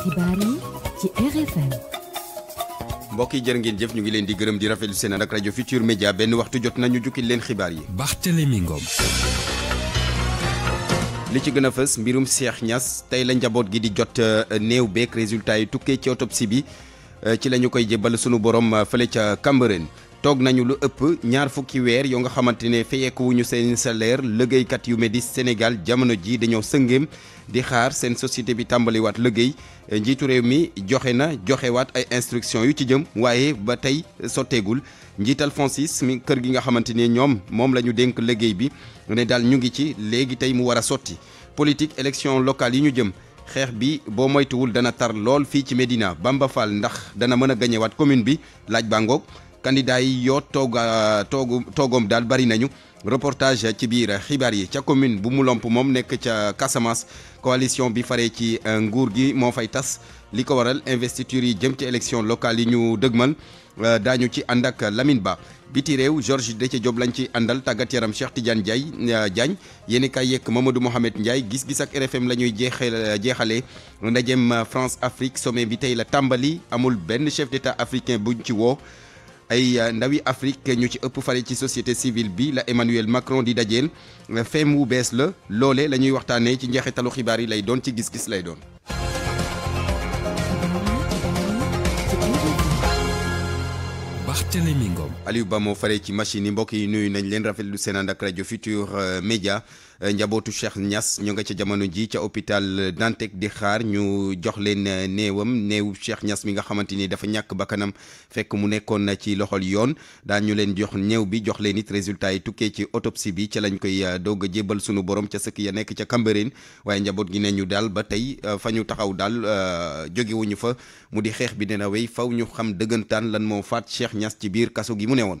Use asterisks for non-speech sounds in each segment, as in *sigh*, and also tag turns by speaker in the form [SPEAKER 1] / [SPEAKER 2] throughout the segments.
[SPEAKER 1] xibaar yi
[SPEAKER 2] yi jërë ngeen jëf ñu ngi leen di gërëm di rafetlu seen ak rajo Futur Media benn waxtu jot nañu jukki leen xibaar yi Barthélémy Ngom li ci gën a fës mbirum Cheikh ñas tey la njaboot gi di jot euh, néew beek résultat yi tukkee ci autopsie bi euh, ci lañu koy jébbal sunu borom euh, fële ca Cambérène Tog nañu lu ëpp ñaar fukki weer yo nga xamantene ne feyeekuwuñu seen salaire kat yu Medis Sénégal jamono ji dañoo sëngéem di xaar seen société bi wat liggéey njitu réew mi na ay yu ci jëm ba Francis mi kër gi nga xamantene ñom mom lañu denk ñu bi ne dal ñu ngi ci mu politique élection locale yi ñu jëm xeex bi bo moytuwul dana tar ci Bamba Fall ndax dana mën a wat commune bi laaj candidat yotogom Toga tooga bari nañu reportage ci Kibari, xibar yi ci commune bu coalition bi faré ci eh, nguur gi mo fay tass liko waral investiture yi jëm ci élection locale yi ñu deugmal eh, dañu ci andak Lamine Ba biti rew Georges ci job lañ ci andal tàggat yaram Cheikh Tidiane eh, Mohamed Ndiaye gis-gis ak RFM lañuy ñuy jéxalé France Afrique sommet bi la tambali amul chef d'état africain buñ ah, ndawi Afrique ñu ci ëpp ci société civile bi la Emmanuel Macron di dajeel eh, fem wu bees la la ñuy waxtaanee ci njeexitalu xibaar lay doon ci gis-gis lay doon. Aliou Ba moo ci machine yi yi nuyu nañ leen euh, Média. njabootu Cheikh ñas ñu nga ca jamono ji ca hôpital Dantec di xaar ñu jox leen eh, néewam néewu Cheikh ñas mi nga xamante ni dafa ñàkk bakkanam fekk mu nekkoon na ci loxol yoon daal ñu leen jox néew bi jox leen it résultat yi tukkee ci autopsie bi ca lañ koy eh, dogga a jébbal sunu borom ca sëkk ya nekk ca Cambérène waaye njaboot gi ne ñu daal ba tey eh, fa ñu taxaw daal jógewuñu fa mu di xeex bi dina wéy faw ñu xam dëggantaan lan moo faat Cheikh ñas ci biir kaso gi mu ne woon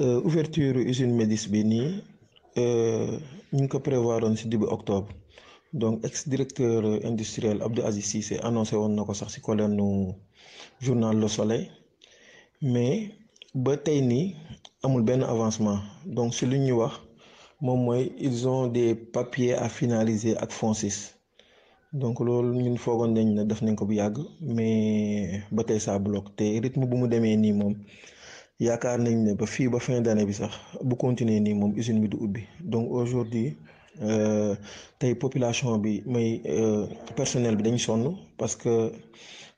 [SPEAKER 3] Euh, ouverture usine Médis bi nous euh, ñu ngi prévoir début octobre donc ex directeur industriel Abdou Aziz Cissé annoncé que nous avons sax ci journal Le Soleil mais ba tey nii amul avancement donc ci lu ñu wax ils ont des papiers à finaliser ak FONSIS donc nous ñun fait un peu def temps, mais ba tey ça bloque rythme bu mu demee yaakaar nañ ne ba fii ba fin d'année bi sax bu continuer nii moom usine bi du ubbi donc aujourd'hui euh, tey population bi may euh, personnel bi dañ sonn parce que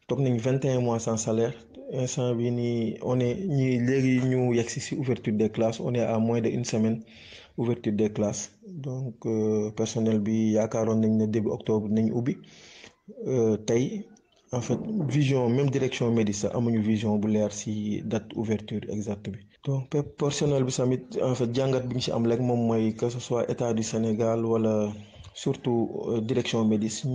[SPEAKER 3] toog nañ vingt et un mois sans salaire instant bi ni on est ñi léegi ñu yegg si si ouverture des classes on est à moins de une semaine ouverture des classes donc euh, personnel bi yaakaaroon nañ ne début octobre nañ ubbi tey en fait vision même direction médicale amuñu vision bu leer si date ouverture exacte bi donc personnel bi samit en fait jàngat bi am lek que ce soit état du Sénégal wala surtout euh, direction médicale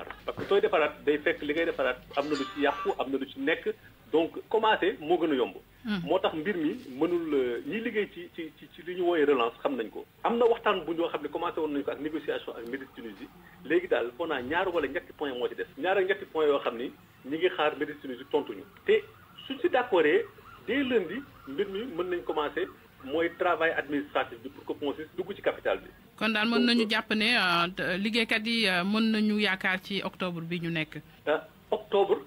[SPEAKER 4] sooy defaraat day fekk li ngay defaraat am na lu ci yàqu am na lu ci nekk donc commencer moo gën a yomb. Hmm. moo tax mbir mi mënul euh, ñi liggéey ci ci ci li ñu wooyee relance xam nañ ko. am na waxtaan bu ñoo xam ne commencé woon nañu ko ak négociation ak Médis Tunisie léegi daal foo naa ñaar wala ñetti point moo ci des. ñaar ak ñetti point yoo xam ni ñi ngi xaar Médis Tunisie tontuñu. te suñ si d' accordé dès lundi mbir mi mën nañ commencé. mooy travail administratif bi pour que PONSIS dugg ci capital bi.
[SPEAKER 5] kon daal mën nañu euh, jàpp ne euh, liggéeykat yi euh, mën nañu yaakaar ci octobre bi ñu nekk.
[SPEAKER 4] octobre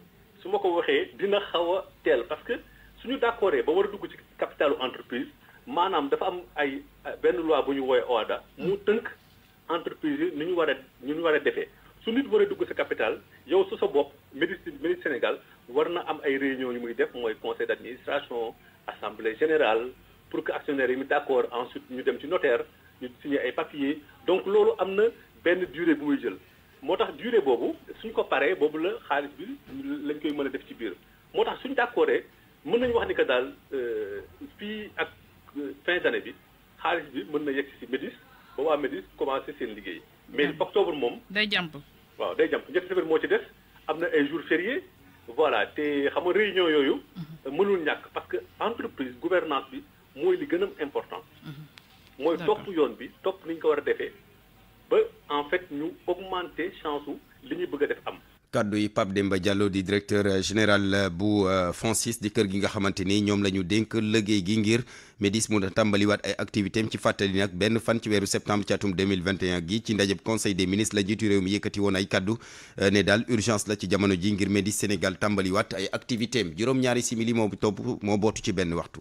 [SPEAKER 4] su ma ko waxee dina xaw a teel parce que suñu d'accordee ba war a dugg ci capitalu entreprise maanaam dafa am ay benn loi bu ñu woowee OHADA. mu tënk entreprise yi ni ñu war a ni ñu war a defee su nit war a dugg sa capital yow su sa bopp ministre ministre Sénégal war na am ay réunion yu muy def mooy conseil d'administration assemblée générale pour que actionnaire yi mu d'accord ensuite ñu dem ci notaire ñu signer ay papiers donc loolu am na benn durée bu muy jël moo tax durée boobu suñ ko paree boobu la xaalis bi lañ koy mën a def ci biir moo tax suñ d'accordé mën nañu wax ni que daal euh, fii ak euh, fin d'année bi xaalis bi mën na yegg si Médis ba waa Médis commencé seen liggéey. mais octobre moom. day jàmp waaw day jàmp ñetti semaine moo ci des am na ay jours fériés voilà te xam nga réunion yooyu. Mhm. mënul ñàkk parce que entreprise gouvernance bi mooy li gën a important.
[SPEAKER 6] Mhm. mooy topp
[SPEAKER 4] yoon bi topp ni ñu ko war a defee ba en fait ñu augmenter chance li ñu bëgg a
[SPEAKER 2] def am. kaddu yi Pape Demba Diallo di directeur général bu euh, Francis di kër gi nga xamante ni ñoom la ñu dénk liggéey gi ngir MEDIS mu tàmbaliwaat ay activités ci fàttali nag benn fan ci weeru septembre ci atum 2021 gi ci ndajeb conseil des ministres la jiitu réew mi yëkkati woon ay kaddu euh, ne daal urgence la ci jamono ji ngir MEDIS Sénégal tàmbaliwaat ay activités am juróom-ñaari simili moo topp moo bootu ci benn waxtu.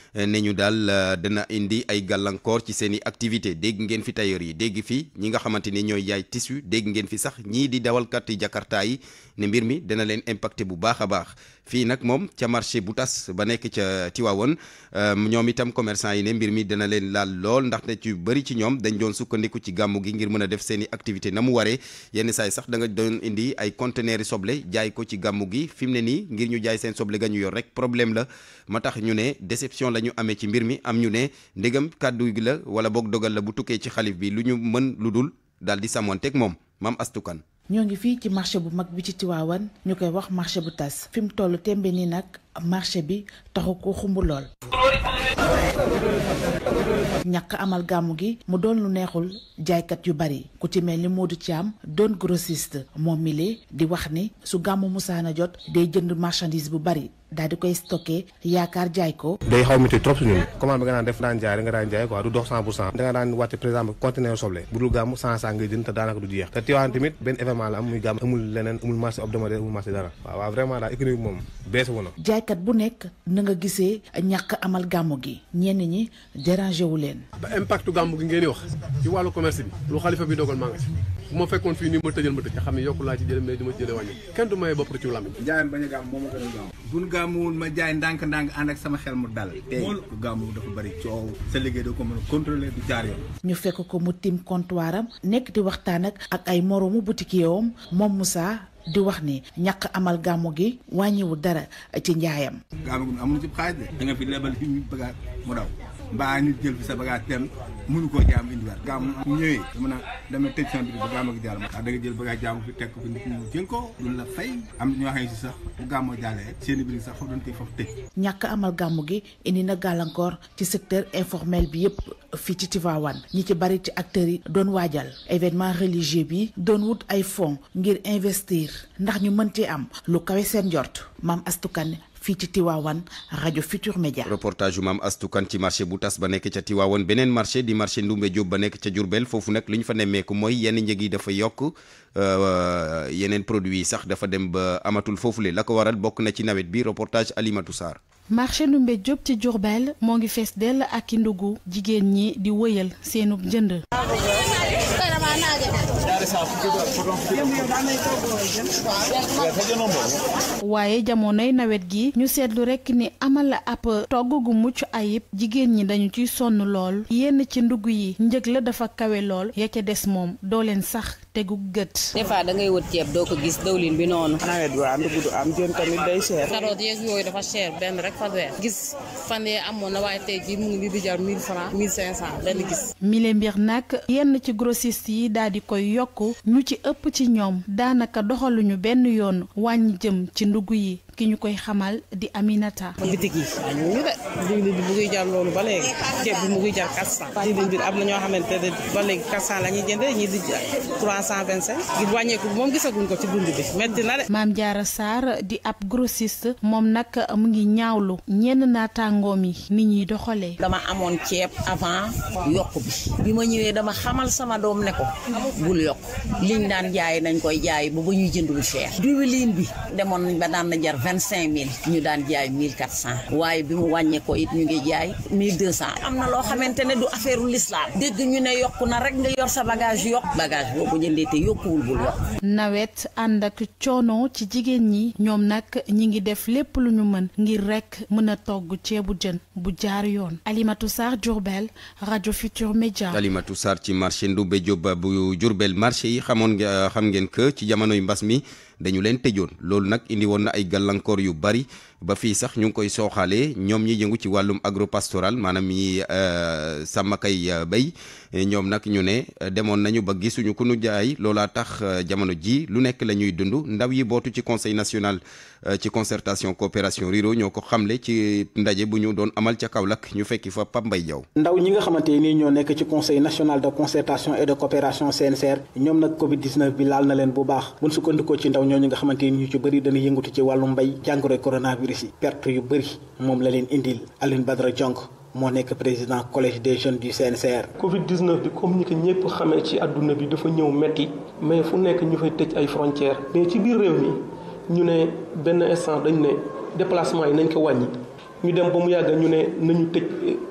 [SPEAKER 2] Eh, ne ñu eh, dana indi ay gàllankoor ci seen i activité dégg ngeen fi tailleur yi dégg fi ñi nga xamante ni yaay tissu dégg ngeen fi sax di dawalkat yi jakarta yi ne mbir mi dana len impacté bu baax a baax mom, nag butas, ca marché bu tas ba nekk ca Tiwaawoon eh, ñoom itam commerçant yi ne mbir mi dana leen laal lool ndaxte ci bëri ci ñoom dañ doon sukkandiku ci gi ngir mën a def seen i activité na mu yenn sax da nga doon indi ay conteneurs soble jaay ko ci gàmmu gi ngir ñu jaay seen soble ga ñu yor rek problème la ma ñu ne déception la ñu amee ci mbir mi am ñu ne ndegam kàddu gi la wala boog dogal la bu tukkee ci xalif bi lu ñu mën lu dul daal di sàmmoonteeg moom maam astukan
[SPEAKER 1] ñoo ngi fii ci marché bu mag bi ci Tiwaawan ñu koy wax marché bu tas fi mu toll tembe nii nag marché bi taxu ko xumb lool ñàkk amal gàmmu gi mu doon lu neexul jaaykat yu bari ku ci mel ni moo Modou am doon grossiste moom mi di wax ni su gàmmu musaana jot day jënd marchandise bu bari daal di koy stocké yaakaar jaay ko. day xaw métti
[SPEAKER 7] trop si ñun commande bi nga daan def daan jaay rek nga daan jaay quoi du dox 100 pour cent da nga daan wàcce par exemple conteneur soble bu dul gàmm 100 sang ngay jënd te daanaka du jeex te Tivaouane tamit benn événement la am muy gàmm amul leneen amul marché hebdomadaire amul marché dara waaw waaw vraiment daal économie moom
[SPEAKER 4] beese wu na
[SPEAKER 1] jaaykat bu nekk na nga gisee ñàkk amal gàmm gi ñenn ñi dérangé wu
[SPEAKER 4] leen ba impactu gàmm gi ngeen wax ci wàllu commerce bi lu xalifa bi dogal bu ma fekkoon fii nii ma tëjal ma tëj nga xam ne yokku laa ci jële mais du ma jële wàññi kenn du maye bopp ci lamiñ njaayam bañ a gàmm moo ma gën a gaaw buñ ma jaay ndànk-ndànk ànd ak sama xel mu dal tey ku gàmmuwul dafa bëri coow sa liggéey
[SPEAKER 2] doo
[SPEAKER 7] ko mën a contrôler du jaar yoon
[SPEAKER 1] ñu fekk ko mu tim comptoiram nekk di waxtaan ak ak ay moroomu butikiyoom moom Moussa di wax ni ñàkk amal gàmmu gi wàññiwul dara ci njaayam
[SPEAKER 4] gàmmu gi amul ci xaalis de da nga fi lebal fi mu bagaat mu daw mbaa nit jël fi sa bagage tem mënu koo jaam indiwaat gàmm ñëwee dama naan dama tëj sama bi bu gàmm ak jàll ndax da
[SPEAKER 2] nga jël bagage jàmm fi teg ko nit ñu jël ko duñ la fay am ñoo xam ne si sax bu gàmmoo jàllee seen bi sax xaw doon koy foofu tëj
[SPEAKER 1] ñàkk amal gàmmu gi indi na gàllankoor ci secteur informel bi yëpp fii ci Tivaouane ñi ci bari ci acteur yi doon waajal événement religieux bi doon wut ay fonds ngir investir ndax ñu mën cee am lu kawe seen njort maam astukan fii ci Tiwaawan rajo Futur Média.
[SPEAKER 2] reportage yu maam Astou Kane ci marché bu tas ba nekk ca Tiwaawan beneen marché di marché Ndoumbé Diop ba nekk ca Diourbel foofu nag li ñu fa nemmeeku mooy yenn njëg yi dafa yokk euh, yeneen produits yi sax dafa dem ba amatul foofule la ko waral bokk na ci nawet bi reportage Alimatou Sarr.
[SPEAKER 5] marché Ndoumbé Diop ci Diourbel moo ngi fees dell ak i ndugu jigéen ñi di wëyal seenub jënd. waaye jamonoy nawet gi ñu seetlu rekk ni amal ab togg gu mucc ayib jigéen ñi dañu ciy sonn lool yenn ci ndugg yi njëg la dafa kawe lool ya ca des moom doo leen sax te gu gët.
[SPEAKER 7] des fois da ngay wut ceeb doo ko gis dawlin bi noonu. nawet waa ndugg du am jën tamit day cher. carotte
[SPEAKER 5] yeeg yooyu dafa cher benn rekk fa weer. gis fan yee amoon na waaye tey jii mu ngi nii di jar 1000 francs 1500 mbir nag yenn ci grossiste yi daal koy yokk. yokku ñu ci ëpp ci ñoom daanaka doxaluñu benn yoon wàññi jëm ci ndugg yi ki ñu koy xamal di Aminata. bitig yi
[SPEAKER 1] waaw ñu ngi de bi mu ngi jar loolu ba léegi ceeb bi mu ngi jar
[SPEAKER 5] 400 diwlin bi am ñoo xamante ne ba léegi 400 la ñuy jëndee ñii di 325 ngir wàññeeku bi moom gisaguñ ko ci dund bi metti na de. Maam Diarra saara di ab grossiste moom nag mu ngi ñaawlu ñenn naataangoom yi ni ñuy doxalee. dama amoon ceeb avant yokk bi bi ma ñëwee dama xamal sama doom ne ko bul yokk liñ daan jaay nañ koy jaay ba ba ñuy jëndul cher diwlin bi demoon ba daan na jar vingt cinq mille ñu daan jaay mille quatre cent waaye bi mu wàññeekoo it ñu ngi jaay mille deux cent am na loo xamante ne du affaire lislaam dégg ñu ne yokku na rek sa bagage yokk bagage boobu jëndee te yokkuwul bul yokk nawet ànd ak coono ci jigéen ñi ñoom nag ñi ngi def lépp lu ñu mën ngir rek mën a togg ceebu jën bu jaar yoon Alimatu Sarr Diourbel rajo Futur
[SPEAKER 2] ci marché Ndoumbe Diop bu Diourbel marché yi xamoon nga xam ngeen que ci jamonoy mbas mi dañu leen tëjoon loolu nag indi woon na ay gàllankoor yu bari ba fi sax ñu nyom koy soxalé ñom ñi yëngu ci walum agropastoral maanaam mi euh, sàmm kay euh, béy ñoom nag ñu ne demoon nañu ba gisunu ku nu jaay loolaa tax euh, jamono ji lu nekk lañuy ndaw yi botu ci conseil national ci concertation coopération riro ñoko ko xamle ci ndaje bu ñu doon amal ci kaawlak ñu fekki fa Pape ndaw ñi nga nekk ci conseil national de concertation et de coopération CNCR ñom nak Covid 19 bi
[SPEAKER 8] laal na leen bu baax buñ sukkandikoo ci ndaw ñooñu nga xamante ñu ci bari dañuy yëngutu ci walum bay jangoro coronavirus bëri si perte yu bëri moom la leen indil Alioune Badara Diong moo nekk président collège des jeunes
[SPEAKER 9] du CNCR. Covid 19 bi comme ni ko ñëpp xamee ci àdduna bi dafa ñëw metti mais fu nekk ñu fay tëj ay frontières. mais ci biir réew mi ñu ne benn instant dañ ne déplacement yi nañ ko wàññi. ñu dem ba mu yàgg ñu ne nañu tëj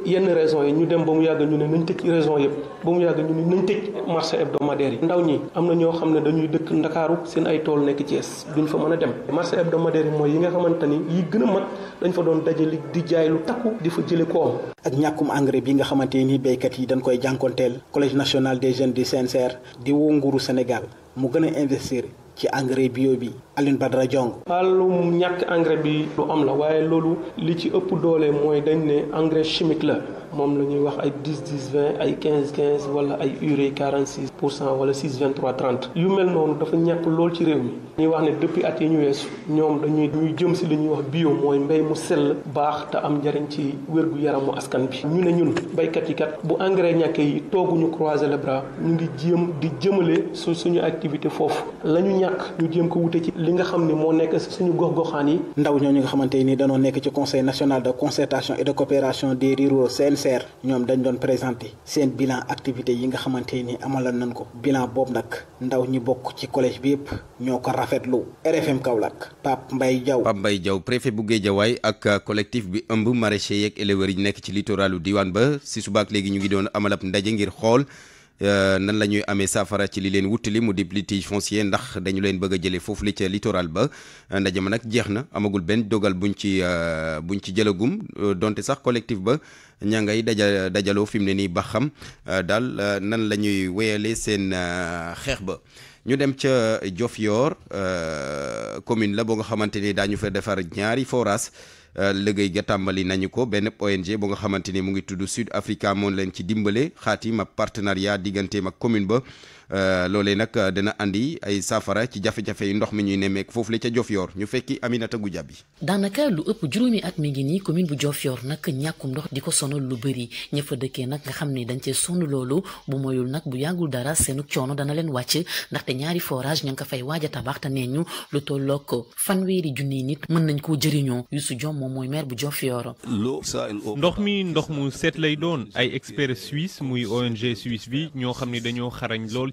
[SPEAKER 9] yenn raison yi ñu dem ba mu yàgg ñu ne nañ tëj raison yëpp ba mu yàgg ñu ne nañ tëj marché hebdomadaire yi ndaw ñi am na ñoo xam ne dañuy dëkk ndakaaru seen ay tool nekk Thiès duñ fa mën a dem marché hebdomadaire yi mooy yi nga xamante ni yi gën a mag dañ fa doon dajali di jaay lu takku di fa jële koom ak ñàkkum engrais bi nga xamante ni
[SPEAKER 2] béykat yi dañ koy jànkonteel collège national des jeune du CNCR di woo nguuru Sénégal mu gën a investir ci engrais bio bi Alioune Badara Diong.
[SPEAKER 9] wàllum ñak engrais bi lu am la waye lolu li ci ëpp doole moy dañ né engrais chimique la mom la ñuy wax ay 10 10 20 ay 15 15 wala ay urée 46 wala 6 23 30 yu mel nonu dafa ñak lool ci réew mi. ñi wax né depuis at yi ñu wess ñom dañuy ñuy jëm ci li ñuy wax bio moy mbéy mu sel baax ta am njariñ ci wërgu yaramu askan bi ñu né ñun béykat yi kat bu engrais ñàkkee yi togu ñu croiser le bras ñu ngi jëm di jëmale suñu activité
[SPEAKER 3] fofu lañu ñak ñu jëm ko wuté ci li nga xam ni moo nekk suñu gox-goxaan yi. ndaw ñooñu nga xamante ni danoo nekk ci conseil national de concertation et de coopération des ruraux CNCR ñoom dañ doon
[SPEAKER 2] présenté seen bilan activité yi nga xamante nii amaloon nañ ko bilan boobu nag ndaw ñi bokk ci
[SPEAKER 8] collège bi yëpp ñoo ko rafetlu RFM Kaolack Pape Mbaye Diaw.
[SPEAKER 2] Pape Mbaye Diaw préfet bu Guédiawaye ak collectif bi ëmb maraîchers yeeg éleveurs ñu nekk ci littoralu diwaan ba si subaak léegi ñu ngi doon amal ndaje ngir xool. Euh, nan la ñuy amee saafara ci li leen wutali mu di litige foncier ndax dañu leen bëgg a jëlee foofu li ca littoral ba euh, ndaje ma nag jeex na amagul benn dogal buñ ci euh, buñ ci jëlagum donte sax collectif ba ñaa ngay daja dajaloo fi mu ne nii ba xam daal nan la ñuy wéyalee seen xeex ba. ñu dem ca Diofior commune la boo nga xamante ni daañu fa defar ñaari forage. Euh, liggéey ga tàmbali nañu ko benn ONG bu nga xamante ni mu ngi tudd Sud Africa moom leen ci dimbale xaatim ma partenariat digganteem ak commune ba Euh, loolee nag euh, dina andi ay saafara ci jafe-jafe ndox mi ñuy nemmeek foofu la ca Diofior ñu fekki Aminata Goudiaby
[SPEAKER 10] daanaka lu ëpp juróomi at mi ngi nii commune bu Diofior nag ñàkkum ndox di ko sonal lu bëri ña fa dëkkee nag xam ne dañ cee sonn loolu bu nag bu yàggul dara seenu coono dana leen wàcc ndaxte ñaari forage ña nga fay waaj a tabax te nee ñu lu tollook fanweeri junniy nit mën nañ koo jëriñoo Youssou jom moom mooy maire bu Diofior
[SPEAKER 4] ndox
[SPEAKER 11] mi ndox mu seet lay doon ay experts suisse muy ONG suisse bi ñoo xam ne dañoo xarañ lool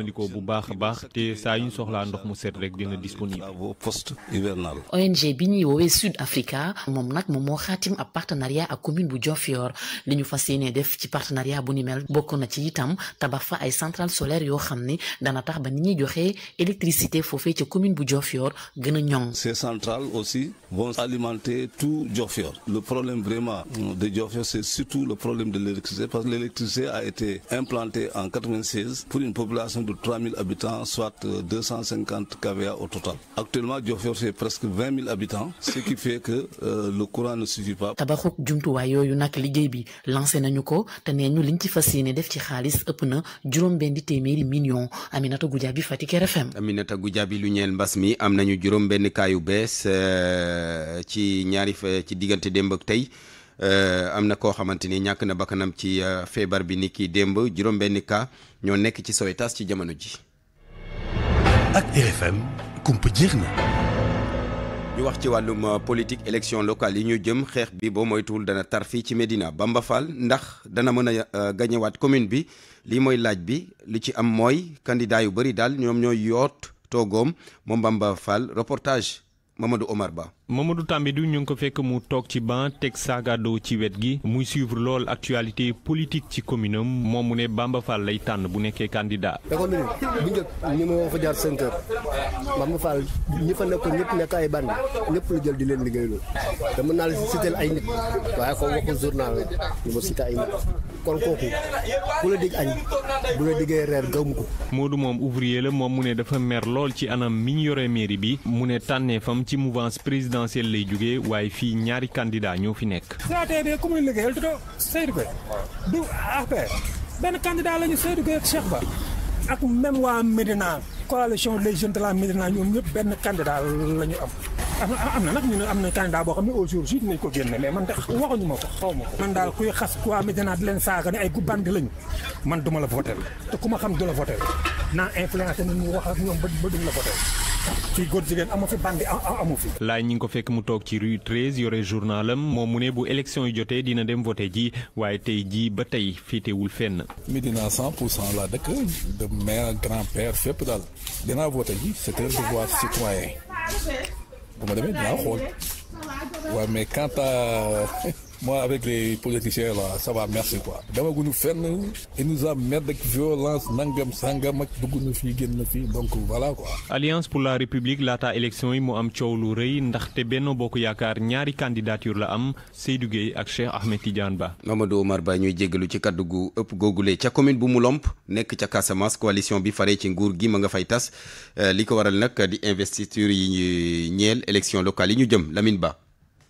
[SPEAKER 11] jëfandikoo bu baax a baax te saa yu ñu soxlaa ndox mu set rek dina disponible.
[SPEAKER 10] ONG bi ñuy woowee Sud Africa moom nag moom moo xaatim ab partenariat ak commune bu Diofior li ñu fas yéenee def ci partenariat bu ni mel bokk na ci itam tabax fa ay centrales solaires yoo xam ni dana tax ba ni ñuy joxe électricité foofee ci commune bu Diofior gën a ñoŋ. Ces
[SPEAKER 4] centrales aussi vont alimenter tout Diofior. Le problème vraiment de Diofior c'est surtout le problème de l'électricité parce que l'électricité a été implantée en 96 pour une population 3 3000 habitants, soit 250 euh, KVA au total. Actuellement, Diofior, fait presque 20 000 habitants, ce qui fait que euh, le courant ne suffit pas.
[SPEAKER 10] tabaxuk jumtuwaay wayo yunak Ligébi, bi lancé nañu ko te nee fasine liñ ci fas yéene def ci xaalis ëpp na Aminata RFM.
[SPEAKER 2] Aminata Goudjabi, lu Basmi, mbas am nañu juróom-benn kaayu bees euh, ci ñaari ci Euh, am na koo xamante ni ñàkk na bakkanam ci euh, feebar bi ni kii démb juróom-benni cas ñoo nekk ci Sowétas ci jamono ji. ak RFM
[SPEAKER 12] kumpa jeex na.
[SPEAKER 2] ñu wax ci wàllum euh, politique élection locale yi ñu jëm xeex bi boo moytuwul dana tar fii ci Medina Bamba Fall ndax dana mën a gañewaat commune bi lii mooy laaj bi li ci am mooy candidat yu bari daal ñoom ñooy yoot toogoom moom Bamba Fall reportage Mamadou Omar Ba.
[SPEAKER 11] Mamadou du ñu ngi ko fekk mu toog ci ban teg saagado ci wet gi muy suivre lool actualité politique ci commune am moom mu ne Bamba Fall lay tànn bu nekkee candidat.
[SPEAKER 9] da ko bu njëkk ñu ma fa jaar cinq heures Bamba Fall ñi fa nekkoon ñëpp nekk ay bandi ñëpp lu jël di leen liggéeyaloo te mën naa la ay nit waaye ko waxul journal ñu ma citer ay nit kon kooku bu la dig añ bu la
[SPEAKER 4] diggee reer gawmu ko.
[SPEAKER 11] Modou moom ouvrier la moom mu ne dafa mer lool ci anam mi ñu yore mairie bi mu ne tànneefam ci mouvance président. présidentielle lay jógee waaye fii ñaari candidat ñoo fi nekk.
[SPEAKER 7] CATD ku muy liggéeyal tuddoo Seydou Gueye. du APR benn candidat lañu Seydou Gueye ak Cheikh Ba. ak même waa Médina coalition les jeunes de la Médina ñoom ñëpp benn candidat lañu am. amna na ñu ne am na candidat boo xam aujourd'hui dinañ ko génne mais man de waxuñu ma ko xaw ko man daal kuy xas waa Médina di leen saaga ne ay gu bande lañ man duma la voter te ku ma xam du la votel naa influencé nit ñu wax ak ñoom ba ba duñ la voter ci góor jigéen amu fi bandi amu fi.
[SPEAKER 11] laay ñi ngi ko fekk mu toog ci rue 13 yore journalam moom mu ne bu élection yi jotee dina dem voté ji waaye tey ji ba tey féetewul fenn.
[SPEAKER 13] Médina 100 pour cent laa dëkk de mère grand père fépp daal dinaa voté ji c'est un devoir citoyen
[SPEAKER 6] on ma hein, mais
[SPEAKER 4] *laughs* Moi, avec les politiciens, là, ça va, merci, quoi. Dama nous Fenn,
[SPEAKER 8] et nous amènent avec violence, nangam, sangam, ak dugunu fi, genn fi, donc voilà, quoi.
[SPEAKER 11] Alliance pour la République, l'ata élection yi mu am coow lu beno ndaxte Benno Bokk ñaari candidature la am Seydou Gueye ak Cheikh Ahmed Tidiane Ba.
[SPEAKER 2] Mamadou Omar Ba ñuy jéggalu ci kaddu gu ëpp googule ca commune bu mu lomp nekk ca Casamance coalition bi fare ci nguur gi ma nga fay tas euh, waral nak, di investiture yi ñeel élection locale yi ñu jëm Lamine Ba.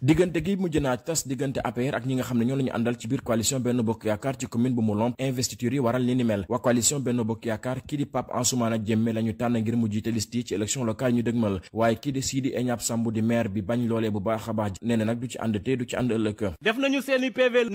[SPEAKER 8] diggante gi mujj na tas diggante APR ak ñi nga xam ne ñoo la ñu àndal ci biir coalition Benno Bokk Yaakaar ci commune bu Moulom investiture yi waral li ni mel waa coalition Benno Bokk Yaakaar kii di Pape Ansoumana Diémé la ñu tànn ngir mu jiite liste yi ci élection locale ñu dëgmal waaye kii di Sidi Eñab Samb di maire bi bañ loolee bu baax a baax nee na nag du
[SPEAKER 4] nañu seeni PV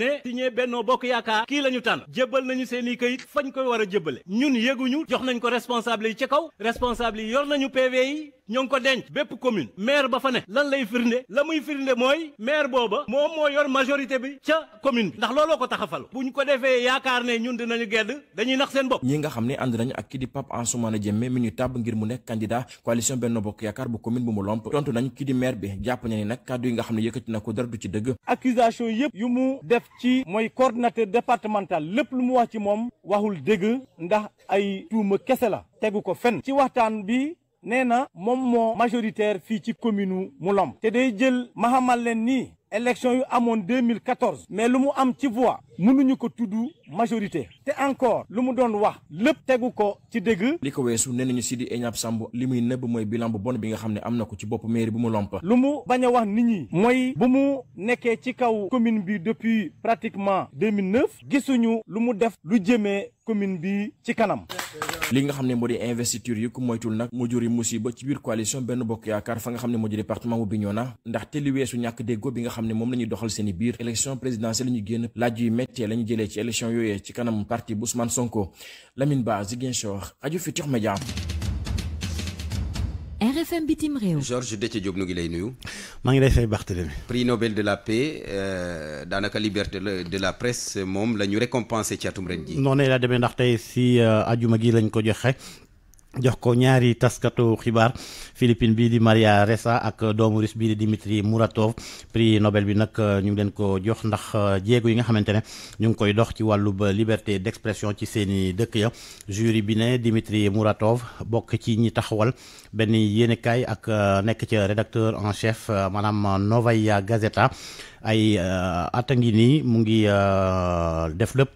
[SPEAKER 4] ñu fañ koy war a ñun yëguñu jox nañ ko responsable yi ca kaw responsable yi yor nañu PV yi ñoo ko denc bépp commune maire ba fa ne lan lay firnde la muy firnde mooy maire booba moom moo yor majorité bi ca commune bi ndax looloo ko taxafal bu ñu ko defee yaakaar ne ñun
[SPEAKER 8] dinañu gedd dañuy nax seen bopp ñi nga xam ne ànd nañu ak kii di Pape Ansoumana Diémé mi ñu tàbb ngir mu nekk candidat coalition Benno Bokk Yaakaar bu commune bu mu lomp tontu nañ kii di maire bi jàpp na ni nag kàddu yi nga xam ne yëkkati na ko dara du ci dëgg
[SPEAKER 4] accusation yëpp yu mu def ci mooy coordinateur départemental lépp lu mu wax ci moom waxul dëgg ndax ay tuuma kese la ko
[SPEAKER 8] nena momo majoritaire fi ci commune moulam te day jël mahamal len ni élection yu amone 2014 mais lu mu am ci voix mënuñu ko tudd majorité te encore lu mu doon wax lépp tegu ko ci dëgg li ko weesu nee nañu Sidi Eñab Samb li muy nëbb mooy bilan bu bon bi nga xam ne am na ko ci bopp mairie bu mu lomp lu mu bañ a wax nit ñi mooy bu mu nekkee ci kaw commune bi depuis pratiquement 2009 gisuñu lu mu def lu jëmee commune bi ci kanam li nga xam ne moo di investiture yi ku moytul nag mu juri musiba ci biir coalition benn bokk yaakaar fa nga xam ne moo di département bu Bignona ndaxte li weesu ñàkk déggoo bi nga xam ne moom la ñuy doxal biir élection présidentielle ñu génn laaj yu méttee lañu jëlé ci élection yoyé ci kanam parti bu Ousmane Sonko Lamine Ba Ziguinchor rajo Futurs Media
[SPEAKER 2] RFM bitim réew. Georges Dethie Diop ñu ngi lay nuyu.
[SPEAKER 14] ma ngi lay fay Barthélémy.
[SPEAKER 2] prix Nobel de la paix euh danaka liberté de la presse mom lañu récompenser ci atum ren
[SPEAKER 14] ji. noonu lay la demee ndax tay si euh, ajuma gi lañ ko joxé jox ko ñaari taskatu xibaar philippine bi di Maria Ressa ak doomu russe di Dimitri Muratov prix Nobel bi nak euh, ñu ngi leen ko jox ndax euh, jéego yi nga xamante ne ñu ngi koy dox ci wàllu liberté d'expression ci seeni dëkk ya jury bi ne Dimitri Muratov bokk ci ñi taxawal benn yéenekaay ak euh, nekk ca rédacteur en chef manam Novaya Gazeta ay at ni mu ngi def lépp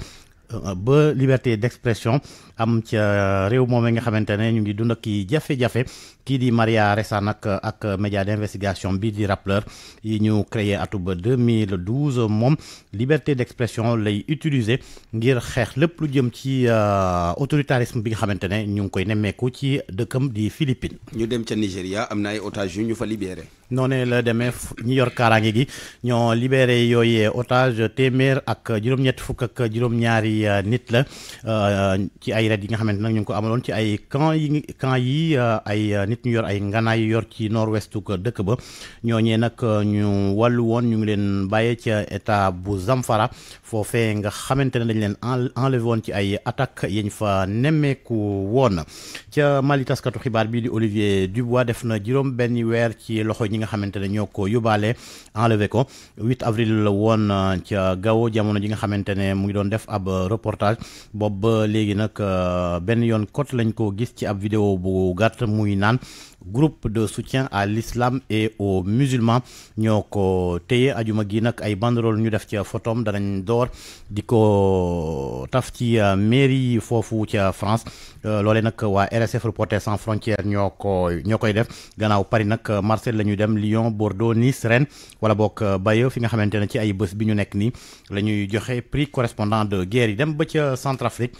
[SPEAKER 14] euh, ba liberté d'expression am ci euh, réew que nga xamante ne ñu ngi dund ak que jafe-jafe di Maria Ressa nag ak média d'investigation bi di Rappler yi ñu créé en 2012 moom liberté d'expression lay utiliser ngir xeex lépp lu jëm ci euh, autoritarisme bi nga xamante ne ñu ngi koy nemmeeku ci dëkkam di Philippines.
[SPEAKER 2] ñu dem ca Nigeria am na ay otages yu ñu fa libéré.
[SPEAKER 14] noonee la demee ñi yor kaaraange gi ñoo libéré yooyee otage téeméer ak juróom-ñett fukk ak juróom-ñaari euh, nit la euh, ci ay raid yi nga xamante nag ñu ngi ko amaloon ci ay camp yi camp yi euh, ay nit ñu yor ay nganaay yor ci nord-ouest dëkk ba ñooñee nag ñu wàllu woon ñu ngi leen bàyyee ca état bu Zamfara foofee nga xamante ne dañ leen enlevé woon ci ay attaque yeñ fa nemmeeku woon ca Mali taskatu xibaar bii di Olivier Dubois def na juróom benn weer ci loxo ñi nga xamante ne ñoo ko yóbbaale enlevé ko 8 avril la woon euh, ca Gao jamono ji nga xamante ne mu ngi doon def ab reportage boobu ba léegi nag euh, benn yoon kot lañ ko gis ci ab vidéo bu gàtt muy naan groupe de soutien à l'islam et aux musulmans ñoko ko a ajuma gi nak ay banderole ñu def ca photom nañ door diko taf ci euh, mairie fofu ci France euh, lolé nak wa RSF Reporters sans frontières ñoko ko def gannaaw Paris nak euh, Marseille lañu dem Lyon Bordeaux Nice Rennes wala bok Bayeux fi nga xamantene ci ay bus bi ñu nek ni lañuy joxé prix correspondant de guerre yi dem ba ca Centrafrique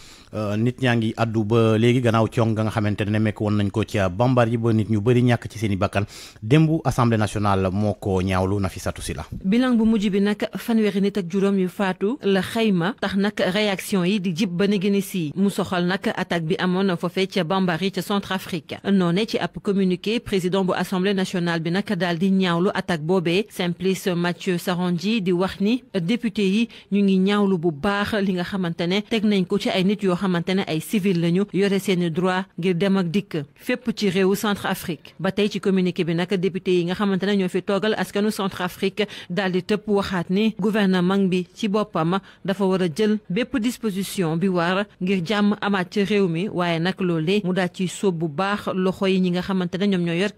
[SPEAKER 14] nit ñangi addu ba légui gannaaw cong nga xamantene won nañ ko ci bambar yi ba ñu bari ñak ci seeni i bakkan assemblée nationale moo ñaawlu Nafissatou Sylla
[SPEAKER 15] bilan bu mujj bi nag nit ak juróom yu faatu la xeyma tax nak réaction yi di jib ba ni si mu soxal nak attaque bi amoon fofé ci Bambari centre afrique noné ci communiqué président bu assemblée nationale bi nak daal di ñaawlu attaque bobé Simplice Mathieu sarandi di wax ni député yi ñu ngi ñaawlu bu baax li nga tek nañ ko ci ay nit yo ay civil lañu yoré seeni droit ngir dem ak dik ci Afrique Batay ci communiqué bi député yi nga xamantene ñoo fi askanu Centrafrique daal di tepp waxat ni gouvernement bi ci bopam dafa wara jël bép disposition bi war ngir jamm amaat ci réew mi waye nak loolee mu da ci sóob bu baax loxo yi nga xamantene ñom yor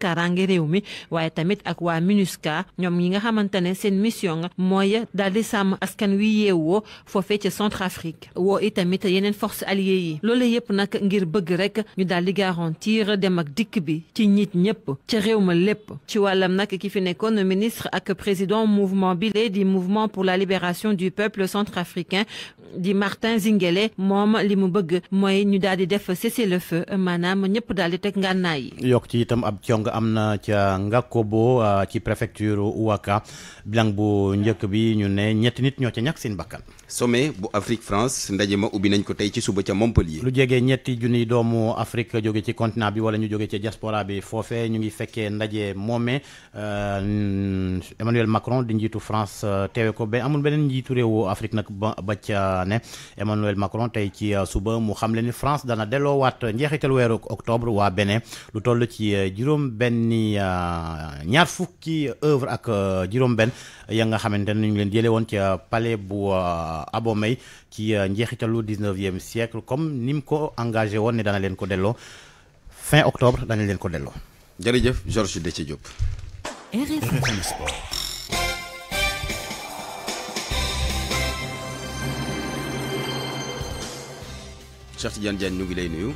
[SPEAKER 15] réew mi waye tamit ak wa MINUSCA ñom yi nga xamantene mission moye, dal di sam askan wi fofé ci Centre Centrafrique wo itamit yenen force force yi loole yépp nak ngir bëgg rek ñu di garantir dem ak bi ci nit ñëpp ci réew lépp ci ki fi ministre ak président mouvement bi du mouvement pour la libération du peuple centrafricain di Martin Zingele mom li mu bëgg mooy ñu daal di def cessez-le-feu maanaam ñëpp daal di teg ngànnaay
[SPEAKER 14] yi. yokk ci itam ab cong am na ca Ngakobo ci préfecture Ouaka bilan bu njëkk bi ñu ne ñetti nit ñoo ca ñàkk seen bakkan.
[SPEAKER 2] sommet bu Afrique France ndaje ma ubbi nañ ko tey ci suba ca Montpellier.
[SPEAKER 14] lu jege ñetti junniy doomu Afrique jóge ci continent bi wala ñu jóge ci diaspora bi foofee ñu ngi fekkee ndaje moome Emmanuel Macron di njiitu France teewe ko ba amul beneen njiitu réewu Afrique nag ba ba ne Emmanuel Macron tay ci euh, suba mu xam le France dana wat njeexital weeru octobre wa à lu toll ci euh, juróom benni euh, ñaar fukki œuvre ak juróom ben ya nga xamantene ne ñu leen jëlee ci palais bu Abomey ci njeexitalu 19e siècle comme nim ko engagé won ne dana leen ko fin octobre dana leen ko delloo.
[SPEAKER 2] jërëjëf Georges Dethie Diop. Cheikh Tidiane Diagne ñu ngi lay nuyu.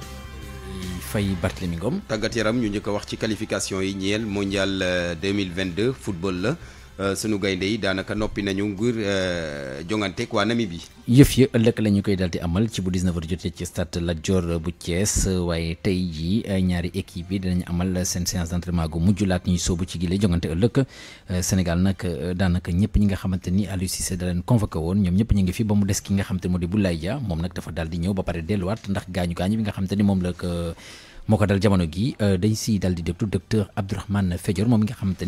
[SPEAKER 16] fay Barthélemy
[SPEAKER 2] Ngom. tàggat yaram ñu njëkk a wax ci qualification yi ñeel mondial 2022 euh, football la. Euh, sunu gaynde yi daanaka noppi nañu ngir euh, jonganteeg waa bi
[SPEAKER 16] yëf ya ëllëg la ñu koy daal di amal ci bu 19h jotee ci stade Lat Dior bu Thiès waaye tey jii euh, ñaari équipe yi dinañ amal seen séance d'entraînement gu mujj laat ñuy soobu ci gile jongante ëllëg Sénégal nag daanaka ñëpp ñi nga xamante ni Aliou Cissé da leen convoqué woon ñoom ñëpp ñu ngi fi ba mu des ki nga xamante ni moo di Boulaye Dia moom nag dafa daal di ñëw ba pare delluwaat ndax gaañu gaañu bi nga xamante ni moom la moo ko dal jamono gi euh, dañ siy dal di déglu docteur Abdourahmane Fédior moom mi nga xamante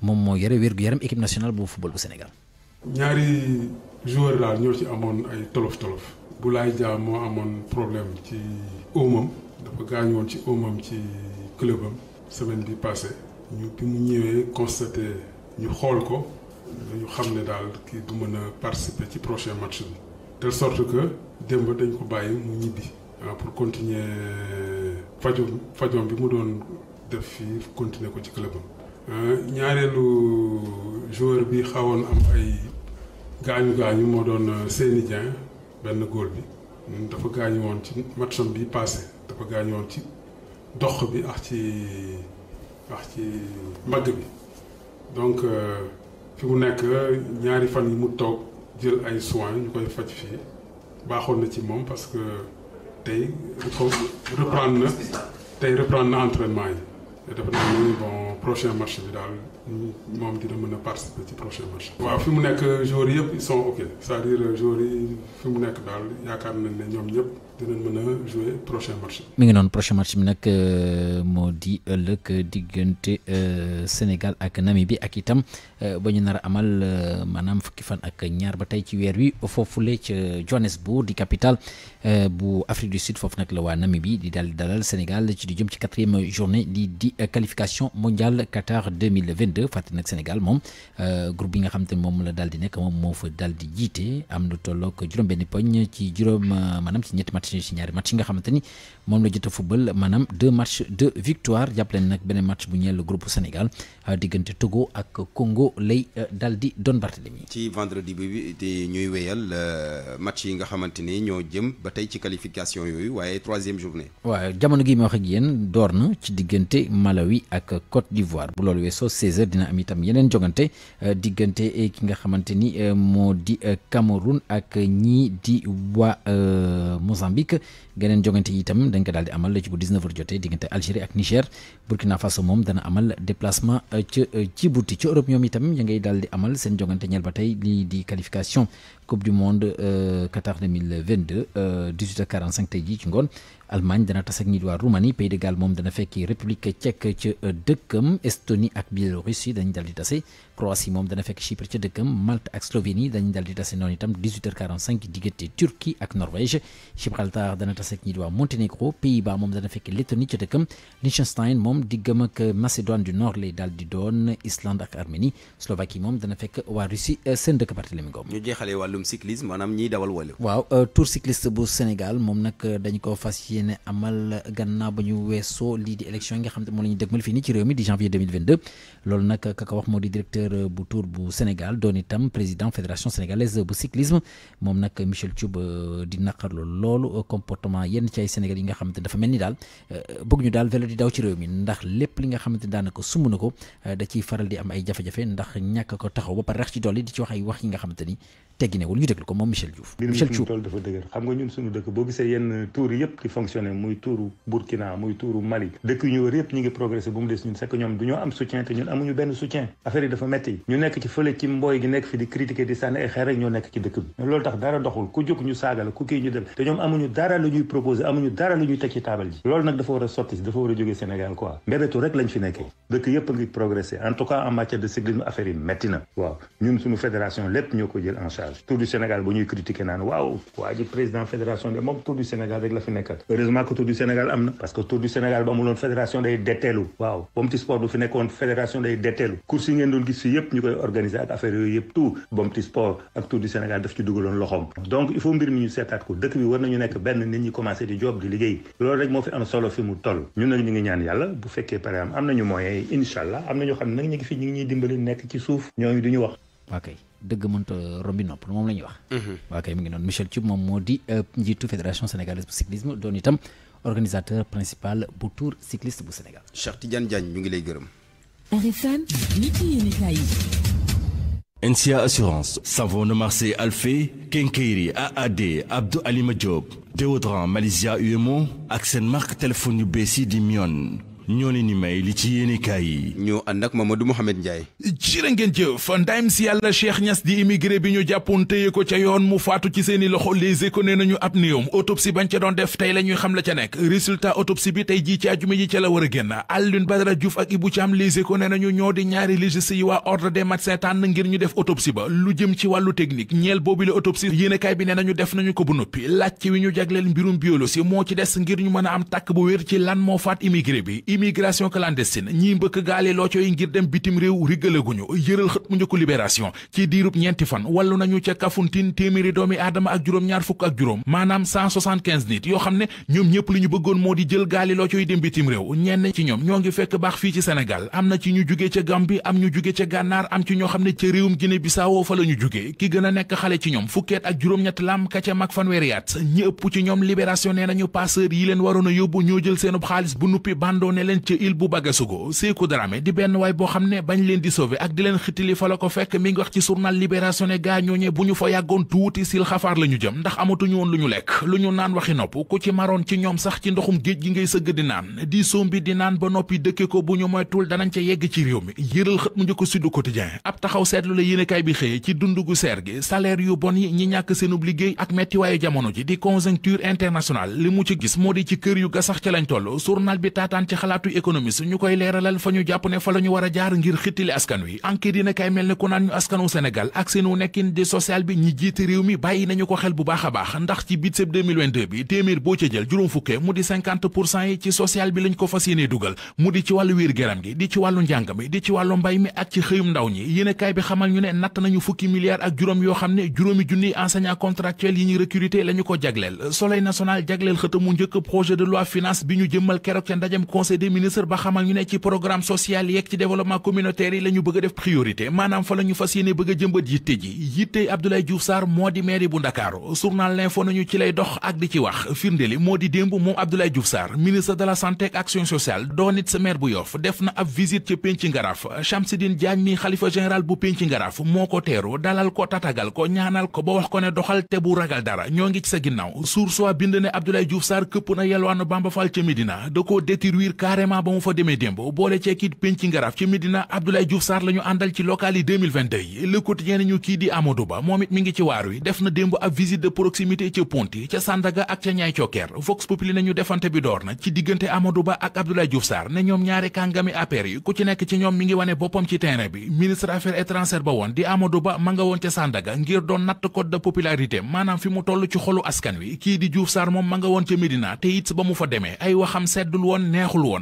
[SPEAKER 16] moo yore wér-gu-yaram équipe nationale bu football bu Sénégal.
[SPEAKER 12] amoon ay tolof tolof. Boulaye Dia moo amoon problème ci óomam dafa gaañu woon ci óomam ci club am semaine bi passé ñu bi mu ñëwee ñu xool ko xam ne daal kii du mën a participer ci prochain match bi telle sorte que démb dañ ko bàyyi mu ñibbi ah, pour continuer fajoom fajoom bi mu doon def fii continuer ko ci club am euh, ñaareelu joueur bi xawoon am ay gaañu gaañu moo doon euh, seeni Dieng benn góol bi mm, dafa gaañu woon ci matcham bi passé dafa gaañu woon ci dox bi ak ci ak ci mag bi donc euh, fi mu nekk ñaari fan yi mu toog jël ay soins ñu koy faj fii baaxoon na ci moom parce que tey reprendre na tey reprendre na entraînement yi te def naa ni bon prochain match bi daal moom dina mën a participer ci prochain match waaw fi mu nekk joueurs yëpp ils sont ok c'est-à-dire joueurs yi fi mu nekk daal yaakaar nañ ne ñoom ñëpp dinañ mën a jouer prochain match.
[SPEAKER 16] mi ngi noonu prochain match bi nag euh, moo di ëllëg diggante euh, Sénégal ak Namibie ak itam euh, ba ñu nar a amal maanaam fukki fan ak ñaar ba tey ci weer wi foofule ca Johannesburg di capitale bu Afrique du Sud foofu nag la waa Namibie di dal dalal Sénégal ci di jëm ci quatrième journée di di qualification mondiale Qatar 2022, mille fàttali nag Sénégal moom groupe bi nga xam te moom la daal di nekk moom moo fa daal di jiite am lu tolloog juróom-benn poñ ci juróom maanaam ci ñetti match match ñaari match yi nga xamanteni mom la jot football manam deux matchs de victoire japp len nak benen match bu ñeel groupe Sénégal euh, diggante Togo ak Congo lay euh, daldi di doon
[SPEAKER 2] ci vendredi bi di ñuy wéyal euh, match yi nga xamanteni ñoo jëm ba tay ci qualification yooyu 3 troisième journée.
[SPEAKER 16] Wa jamono gi ma wax ak yeen door na ci diggante Malawi ak Côte d'Ivoire bu loolu weesoo 16h dina am itam yenen jogante diggante ki nga xamanteni modi di Cameroun ak ñi di wa Mozambique. Mozambique geneen jongante yi itam dañ ko daal di amal ci bu 19 heures jotee diggante Algérie ak Niger Burkina Faso moom dana amal déplacement euh, ci euh, Djibouti ci Europe ñoom itam ya ngay daal di amal seen jongante ñel ba tey lii di qualification Coupe du Monde euh, Qatar 2022 18h45 tey jii ci ngoon Allemagne dana tas ak ñi Roumanie Pays de Galles moom dana fekki République tchèque ci dëkkam Estonie ak Biélorussie dañ daal di tase Croatie moom dana fekk Chypre ci dëkkam Malte ak Slovénie dañ daal di tase noonu itam 18h45 diggante Turquie ak Norvège Gibraltar dana tase ak ñi Monténégro Pays-Bas moom dana fekk Lettonie ca dëkkam Liechtenstein moom diggam ak Macédoine du Nord les daal Islande ak Arménie Slovaquie moom dana fekk waa Russie euh, seen dëkk Barthélemy
[SPEAKER 2] Ngom ñu jeexalee wàllum cyclisme maanaam ñiy dawal wàllu waaw
[SPEAKER 16] euh, tour cycliste bu Sénégal moom nag euh, dañu ko fas yéene amal gannaaw ba ñu weesoo lii di élection yi nga xam ne moom dëgmal fii nii ci réew mi di janvier 2022 loolu nag kaka wax moo directeur bu tour bu Sénégal doon itam président fédération sénégalaise bu cyclisme moom nag Michel Thioub di naqarlu loolu comportement notamment yenn ci ay Sénégal yi nga xamante dafa mel ni daal euh, bëgg ñu daal vélo di daw ci réew mi ndax lépp li nga xamante daanaka sumb na ko euh, da ciy faral di am ay jafe-jafe ndax ñàkk ko taxaw ba pare rax ci dolli di ci wax ay wax yi nga xamante ni tegginewul ñu déglu ko moom Michel Diouf. Michel Diouf
[SPEAKER 17] tool dafa dëgër xam nga ñun suñu dëkk boo gisee yenn tuur yëpp di fonctionné muy touru Burkina muy touru Mali dëkk ñu wër yëpp ñu ngi progressé bu mu des ñun sekk ñoom du am soutien te ñun amuñu benn soutien affaire yi dafa métti ñu nekk ci fële ci mbooy gi nekk fi di critiquer di sànni ay xeer rek ñoo nekk ci dëkk bi loolu tax dara doxul ku jóg ñu saaga la ku kii ñu dem te ñoom amuñu dara lu ñuy proposé amuñu dara lu ñuy teg ci table ji loolu nag dafa war a sotti dafa war a jógee Sénégal quoi mbébétu rek lañ fi nekkee dëkk yëpp ngi progressé en tout cas en matière de cyclisme affaire yi métti na waaw ñun suñu fédération lépp ñoo ko jël en charge tout tour du Sénégal bu ñuy critiquer naan waaw waa ji président fédération de moom tour du Sénégal rek la fi nekkal heureusement que tour du Sénégal am parce que tour du Sénégal ba amuloon fédération des detteelu waaw Bomti sport bu fi nekkoon fédération day detteelu course yi ngeen doon gis fi yëpp ñu organiser ak affaire yooyu tout Bomti sport ak tour du Sénégal daf ci dugaloon loxoom donc il faut mbir mi ñu seetaat ko dëkk bi war nañu nekk benn nit ñi commencé di job di liggéey loolu rek moo fi am solo fi mu toll ñun nag ñu ngi ñaan yàlla bu fekkee par exemple am nañu moyens Inshallah, incha allah am nañu xam ne nag ñu ngi fi ñu ngi ñuy ci duñu wax
[SPEAKER 16] ok dëgg mënta rombi nopp moom la wax. Mhm. waa kay mu ngi non Michel Thioub mom modi njitu euh, njiitu fédération sénégalaise de cyclisme don itam organisateur principal bu tour cycliste bu Sénégal.
[SPEAKER 2] Cheikh Tidiane Diagne
[SPEAKER 8] ñu ngi lay gërëm.
[SPEAKER 10] RFM nit yi yéen kaay
[SPEAKER 8] NCA Assurance, Savon de Marseille Alphée, Kenkeiri, AAD, Abdou Alima Diop, Deodran, Malaysia UMO, ak seen marque téléphone yu bees di Mion ñoo ne ni may li ci yéenekaay yi. ñu ànd ak Mamadou Mouhamed Ndiaye.
[SPEAKER 13] jërë ngeen jëf ndayem si yàlla Cheikh Niass di immigré bi ñu jàppoon téye ko ca yoon mu faatu ci seeni loxo Les ko nee nañu ab néewam autopsie bañ ca doon def tey la ñuy xam la ca nekk résultat autopsie bi tey jii ci àjjuma ji ca la war a génn Alioune Badara Diouf ak Ibou Thiam Les Échos nee nañu ñoo di ñaari légiste yi waa ordre des médecins tànn ngir ñu def autopsie ba lu jëm ci wàllu technique ñeel boobu la autopsie yéenekaay bi nee nañu def nañu ko bu noppi laaj ñu jagleel mbirum biologie moo ci des ngir ñu mën a am tàkk bu wér ci lan moo faat immigré bi immigration clandestine ñiy mbëkk gaali looco yi ngir dem bitim réew riggalaguñu yëral xët mu njëkku libération ci diirub ñeenti fan wàllu nañu ca Kafountine téeméeri doomi aadama ak juróom-ñaar fukk ak juróom maanaam nit yoo xam ne ñoom ñëpp li ñu bëggoon moo di jël gaali yi dem bitim réew ñenn ci ñoom ñoo ngi fekk baax fii ci Sénégal am na ci ñu jugee ca Gambie am ñu jugee ca Gànnaar am ci ñoo xam ne ca réewum Guinée Bissau fa la ñu jugee ki gën a nekk xale ci ñoom fukkeet ne leen ci boo xam ne bañ leen di sauver ak di leen xitili fa la ko fekk mi ngi wax ci journal Libération ne gaa ñooñe bu ñu ndax amatuñu woon lu ñu lekk lu ñu naan waxi nopp ku ci maroon ci ñoom sax ci ndoxum géej gi ngay sëgg di naan di sombi di naan ba noppi dëkke ko bu ñu moytul danañ ca yegg ci réew mi yëral xët mu njëkk Sud Quotidien ab taxaw seetlu la yéenekaay bi xëyee ci dund gu seer gi salaire yu bon yi ñi ñàkk seenub liggéey ak mettiwaayu jamono ji di conjoncture internationale li mu ci gis moo di ci kër yu gasax ca lañ toll journal bi taataan ci xalaat xalaatu économiste ñu koy leeralal fa ñu jàpp ne fa la war a jaar ngir xittali askan wi enquête dina mel ne ku naan ñu askanu Sénégal ak seenu nekkin di social bi ñi jiite mi bàyyi nañu ko xel bu baax baax ndax ci budget 2022 bi téeméer boo ca jël juróom fukkee mu di yi ci social bi lañ ko fas yéene dugal mu di ci wàllu wér géram gi di ci wàllu njàng mi di ci wàllu mbay mi ak ci xëyum ndaw ñi yéene bi xamal ñu ne natt nañu fukki des ministres ba xamal ñu ne ci programme social yeeg ci développement communautaire yi la ñu a def priorité maanaam fa la ñu fas yéene bëgg a jëmbat yitte ji yitte Abdoulaye Diouf Sarr moo di maire bu Ndakaaru journal l'info nañu ci lay dox ak di ci wax firndeli moo di démb moom Abdoulaye Diouf Sarr de la santé ak sociale doon it sa bu Yoff def na ab visite ca Penc Ngaraaf Chamsidine Diagne mi xalifa général bu Penc Ngaraaf moo ko teeru dalal ko ko ñaanal ko ba wax bu ragal dara ñoo ngi ci na yelwaanu Bamba Fall carrément ba mu fa demee démb boole ceekit penc ngaraaf ci Medina Abdoulaye Diouf Sarr la ñu àndal ci local yi 2022 yi Le Quotidien ñu kii di Amadou Ba moom it mi ngi ci waaru yi def na démb ab visite de proximité ca Ponti ca Sandaga ak ca Ñaay Cokkeer Vox Populi nañu defante bi door na ci diggante Amadou Ba ak Abdoulaye Diouf Sarr ne ñoom ñaari kàngami APR yi ku ci nekk ci ñoom mi ngi wane boppam ci terrain bi ministre affaires étrangères ba woon di Amadou Ba ma nga woon ca Sandaga ngir doon natt code de popularité di Diouf Sarr moom ma nga woon ca Medina ba demee ay waxam seddul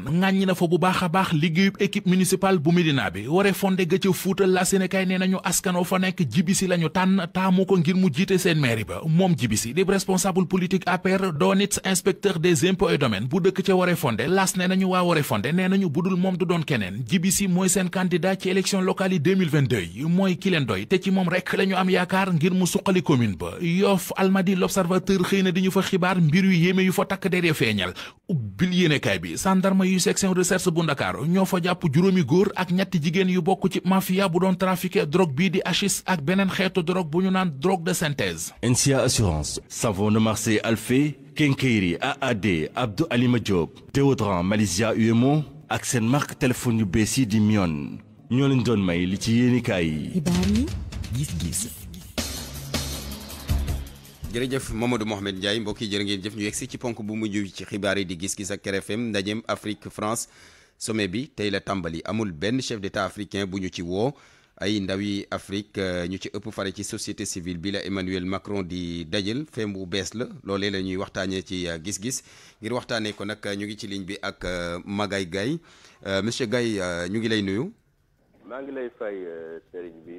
[SPEAKER 13] yoon ŋàññi na fa bu baax a baax liggéeyub équipe municipale bu Médina bi ware fonde ga ca Fuuta la Sénégal nee nañu askano fa nekk jibisi lañu tànn taamu ko ngir mu jiite seen mairie ba moom jibisi di responsable politique APR doon it inspecteur des impôts et domaines bu dëkk ca ware fonde las ne nañu waa ware fonde nee nañu budul moom du doon keneen jibisi mooy seen candidat ci élection locale mooy ki leen doy te ci moom rek la am yaakaar ngir di ñu fa xibaar mbir yu yéeme yu fa takk yu section recherche bu Ndakaar ñoo fa jàpp juróomi góor ak ñetti jigéen yu bokk ci mafia bu doon trafiquer drogue bii di hachis ak beneen xeetu drogue bu ñu naan drogue de synthèse.
[SPEAKER 8] NCA assurance savon de Marseille a Kenkeyri AAD Abdou Alima Diop déodorant Malaysia moo ak seen marque téléphone yu bees yi di Mion ñoo leen doon may li ci yéenikaay yi. xibaar yi gis-gis.
[SPEAKER 2] jërëjëf Mamadou Mohamed Ndiaye mbokki yi jërë ngeen jëf ñu yegsi ci ponk bu mujj ci xibaar yi di gis-gis ak RFM ndajem Afrique France sommet bi tey la tàmbali amul benn chef d'état africain bu ñu ci woo ay ndawi Afrique euh, ñu ci ëpp fare ci société civile bi la Emmanuel Macron di dajal feem bu bees la loolee la ñuy waxtaanee ci euh, gis-gis ngir waxtaanee ko nag euh, ñu ngi ci ligne bi ak magay gay monsieur gay ñu ngi lay nuyu.
[SPEAKER 9] maa ngi lay fay sëriñ bi.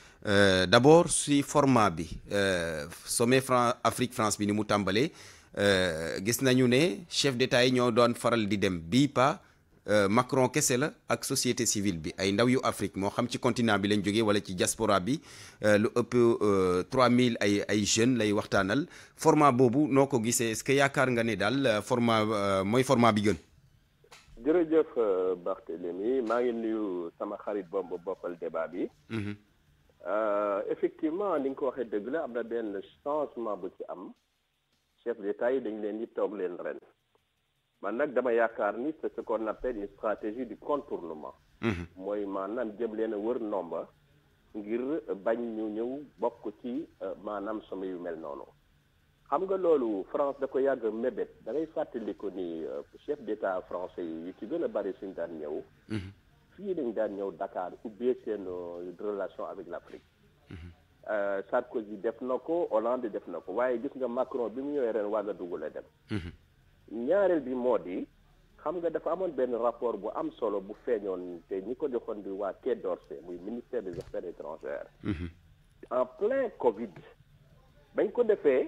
[SPEAKER 2] Euh, d'abord si format bi euh, sommet Fran Afrique France bi ni mu euh, gis nañu né chef d'État yi ñoo doon faral di dem bi pa euh, Macron kese la ak société civile bi ay ndaw yu Afrique mo xam ci continent bi lañ jógee wala ci diaspora bi euh, lu ëpp 3000 euh, ay ay jeunes lay waxtanal format bobu noko ko est-ce que yaakaar nga né dal euh, format moy format bi gën.
[SPEAKER 9] jërëjëf Barthélémy maa ngi nuyu sama xarit bomb bokkal débat bi. -hmm. Euh, effectivement ni ko waxe deug la am na changement bu ci am chef d'État yi dañ leen di toog leen ren man nak dama yakar ni c'est ce qu'on appelle une stratégie du contournement moy mhm. maanaam jëm leen a wër nomba ngir bañ ñu ñëw bokk ci euh, manam sama yu mel noonu xam nga loolu France da ko yàgg mébét da ngay fàttaliku ni euh, chef d'État français yi yu ci gën a bari suñ daan ñëw mhm fii lañ daan ñëw Dakar ubbee seen relation avec l'Afrique mhm. euh, Sarkozy def na Hollande def na ko gis nga Macron bi mu ñëwee ren wàlla dugale dem mhm. ñaareel bi modi, xam nga dafa amoon ben rapport bu am solo bu feñon te ni ko joxoon di wa Quai d'Orsay muy ministère des affaires étrangères -hmm. en plein Covid bañ ko defee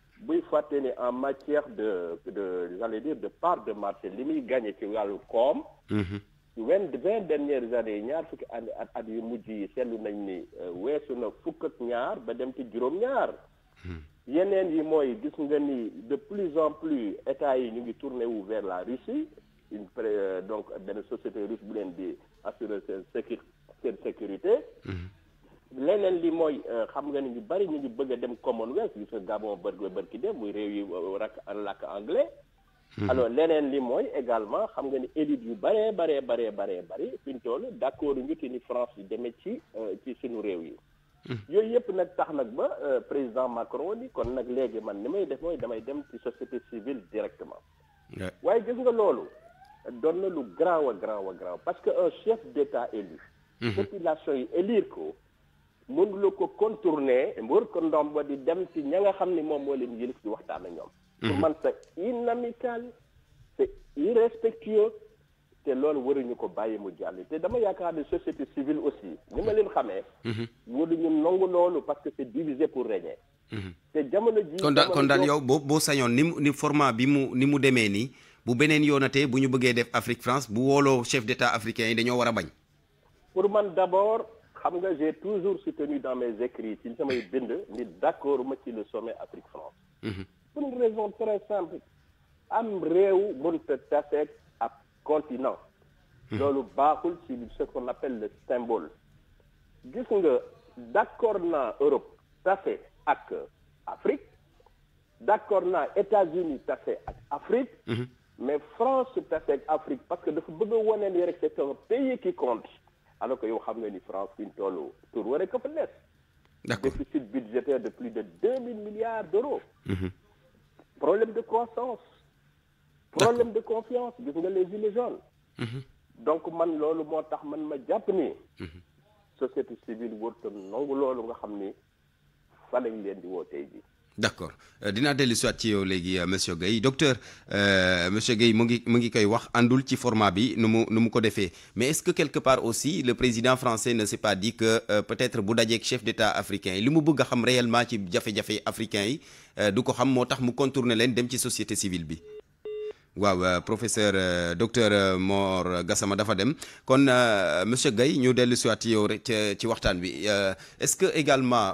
[SPEAKER 9] bu fàtte ne en matière de de j'allais dire de part de marché li muy gagné ci wàllu koom. Mhm. vingt vingt dernières années ñaar fukki at at yu mujj yi seetlu nañ ni euh, weesu na fukk ak ñaar ba dem ci juróom-ñaar. Mhm. yeneen yi mooy gis nga ni de plus en plus état yi ñu ngi tourné wu vers la Russie une pré euh, donc benn société russe bu leen di assurer seen sécurité seen sécurité. Mhm leneen li mooy euh, xam nga ni ñu bari ñu ngi bëgg a dem Commonwealth gis nga Gabon bërgwe bërki dem muy réew yi euh, rak làkk anglais hmm. alors leneen li mooy également xam nga ni élite yu bare bare bare bare bari fi ñu toll d'accord ñu te ni France yi demee ci euh, ci suñu réew yi hmm. yooyu yëpp nag tax nag ba président Macron ni kon nag léegi man ni may def mooy damay dem ci société civile directement waaye gis nga loolu doon na lu graaw a graaw a graaw parce que un chef d'État élu hmm. population yi élire ko mënuloo ko contourner mbor ko ndomba di dem ci ña nga xamni mom mo leen yëlif di waxtaan ak ñom mhm. man c'est inamical c'est irrespectueux te loolu waruñu ko bàyyi mu jàll té dama yaakaar société civile aussi ni ma leen xamee. Mhm. ñu nangu loolu parce que c'est divisé pour régner. C'est mhm. jamono ji kon daan kon daan yow
[SPEAKER 2] bo ni ni format bi mu ni mu démé ni bu benen yonaté bu ñu bëggé def Afrique France bu wolo chef d'État africain yi dañoo wara bañ.
[SPEAKER 9] pour man d'abord xam j'ai toujours soutenu dans mes écrits ci samay bind ni d'accord ma ci le sommet Afrique France mhm. pour une raison très simple am réew mënta taseeg ab continent mhm. loolu baaxul ci ce qu'on appelle le symbole gis nga d'accord na Europe fait ak Afrique d'accord na États-Unis fait ak Afrique mhm. mais France fait avec Afrique parce que dafa bëgg a ni rek c'est un pays qui compte alors que yow xam nga ni France fi ñu tour tur war a ko fa les déficit budgétaire de plus de 2000 milliards d'euros mhm. problème de croissance problème de confiance gis nga les gilets jaunes mhm. donc man loolu moo tax man ma japp ni mhm. société civile wërtam nangu loolu nga xam ni fa lañ leen di woo tey
[SPEAKER 2] D'accord. dina euh, dinaa dellu ci yow léegi euh, monsieur Gay. docteur euh, monsieur Gay, mo ngi ngi koy wax andul ci format bi numu numu ko defee mais est ce que quelque part aussi le président français ne s'est pas dit que peut être bu dajé chef d'État africain yi li bëgg xam réellement ci jafé jafé africain yi du ko xam motax mu contourner leen dem ci société civile bi. Euh, professeur euh, docteur euh, Mor Gassama dafa dem kon monsieur Gaye ñu dellu si ci est-ce que également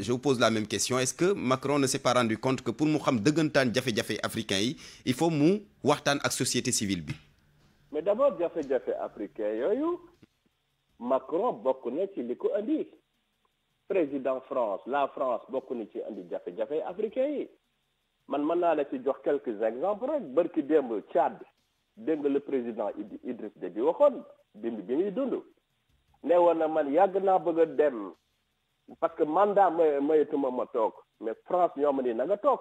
[SPEAKER 2] je vous pose la même question est-ce que Macron ne s'est pas rendu compte que pour mu xam dëggantaan jafe-jafe africain yi il faut mu waxtaan ak société civile
[SPEAKER 9] mais d'abord jafe-jafe africain yooyu Macron bokk na ci li Le andi président France la France bokk na ci andi jafe-jafe africain yi man mën naa la ci jox quelques exemples rek barki démb Tchad dégg nga le président Idriss Déby waxoon démb bi muy dund ne woon na man yàgg naa bëgg a dem parce que mandat may mayatuma ma toog mais France ñoom ni na nga toog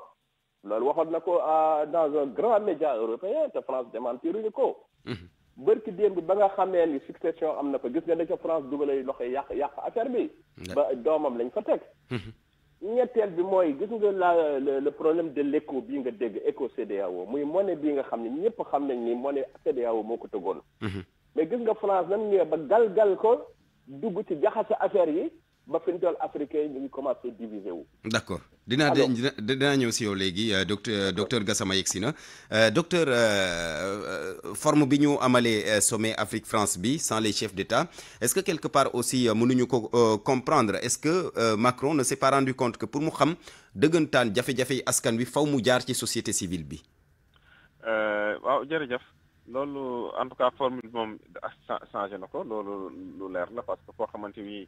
[SPEAKER 9] loolu waxoon na ko euh, dans un grand média européen te France démentiruñu ko mhm. bërki démb ba nga xamee ni succession am na fa gis nga ne ca France dugalay loxe yàq yàq affaire bi ba doomam lañ fa teg mhm. ñetteel bi mooy gis nga la le problème de l'éco bii nga dégg éco CEDEAO muy monnaie bii nga xam ne ñëpp xam nañ ni monnaie CEDEAO moo ko tëggoon mhm. mais gis nga France nan ñëwee ba gal ko dugg ci jaxase affaire yi bafintool africain ñu ngi commencé divisé wu.
[SPEAKER 2] d' dina dinaa ñëw si yow léegi euh, docteur euh, docteur Gassama yexina euh, docteur forme bi ñu amalee sommet Afrique France bi sans les chefs d'État, est ce que quelque part aussi mënuñu ko comprendre est ce que Macron ne s'est pas rendu compte que pour mu xam dëggantaan jafe-jafe askan wi faw mu jaar ci société civile bi.
[SPEAKER 7] waaw jërëjëf. loolu en tout cas formule moom ah, changé na ko loolu lu leer la parce que foo xamante ni.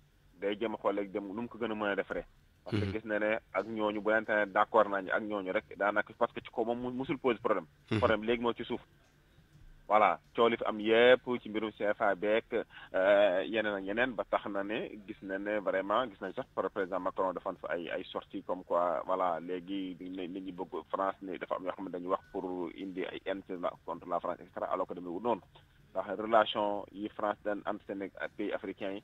[SPEAKER 7] day jëm a xool léegi dem lu mu ko gën a mën a defaree. parce que mhm. gis na ne ak ñooñu bu leen tane d' nañu ak ñooñu rek daanaka parce que ci kaw moom musul pose problème. Mhm. problème léegi moo ci suuf. voilà coow li fi am yëpp ci mbirum CFA beeg euh, yeneen a yeneen ba tax na ne gis na ne vraiment gis nañ sax par président Macron defoon fa ay ay sorties comme quoi voilà léegi nit ñi bëgg France ni dafa am yoo xam ne dañuy wax pour indi ay haine contre la France et cetera alors que demee wut noonu ndax relation yi France daan am seen pays africain yi.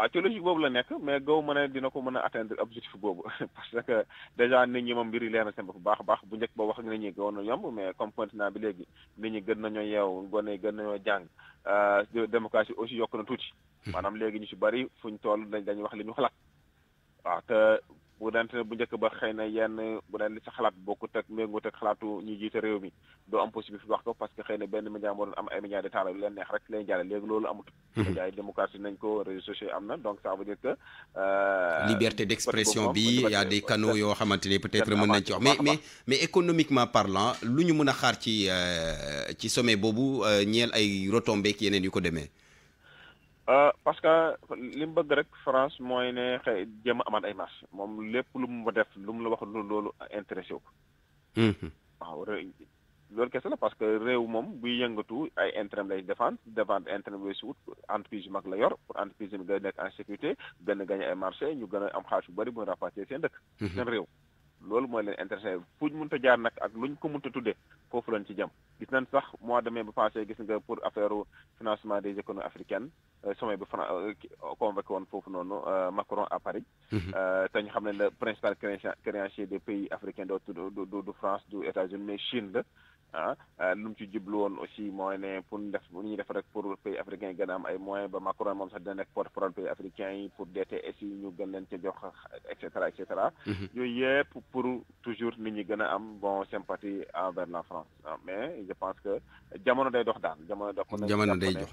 [SPEAKER 7] ah ci logique boobu la nekk mais gaw ma ne dina ko mën a atteindre objectif boobu *laughs* parce que dèjà nit ñi moom mbir yi leer na bu baax a baax bu njëkk ba wax ak nit ñi gawoon na yomb mais comme continent bi léegi nit gën nañoo yeew gone gën nañoo jàng ah, démocratie aussi yokk na tuuti. Hmm. maanaam léegi ñu ci bari fuñ toll dañuy wax li ñu xalaat waaw ah, te bu dante bu njëkk ba xëy na yenn bu daan li sa xalaat bokkut ak méngoot ak xalaatu ñu jiite réew mi do am possibilité wax ko parce que xëy na benn média moo doon am ay média de taala leen neex rek leen jàlle léegi loolu amut mhm. média yi démocratie nañ ko réseaux sociaux am na donc ça veut dire que euh, liberté
[SPEAKER 2] d'expression bi y a des canaux yoo xamante ne peut-être mën nañ ci wax mais mais mais économiquement parlant lu ñu mën a xaar ci euh, ci sommet boobu euh, ñeel ay retombées ak yeneen yu ko demee
[SPEAKER 7] Euh, parce que li mu bëgg rek France mooy ne xëy jéem amaat ay marché moom lépp lu mu def lu mu la wax loolu intéressé wu ko. Mhm. waaw loolu kese la parce que réew moom buy yëngatu ay intérêt lay défendre défendre intérêt lay si wut yu mag la yor pour entreprise yi nga nekk en sécurité gën a ay marché ñu gën a am xaalis bu bëri bu ñu seen dëkk. Mhm. seen réew. loolu mooy leen intéressé fuñ mënta jaar nag ak luñ ko mënta tuddee foofu lañ ci jam gis nañ sax mois de mai bu passé gis nga pour affaire financement des économies africaines euh, sommet bu Fran euh, euh, convoqué woon foofu noonu Macron à Paris mhm. te ñu xam ne le principal créancier des pays africains du du du France du États-Unis mais Chine la ah lu ah, mu ci jublu woon aussi mooy ne pour def bu ñuy def rek pour pays africain gën a am ay moyens ba Macron moom sax dina nekk porte parole pays africain yi pour DTS yi ñu gën leen ca jox et cetera et cetera. Mhm. yooyu yëpp pour toujours nit ñi gën a am bon sympathie envers la France ah, mais je pense que jamono day dox daan jamono jamono day jox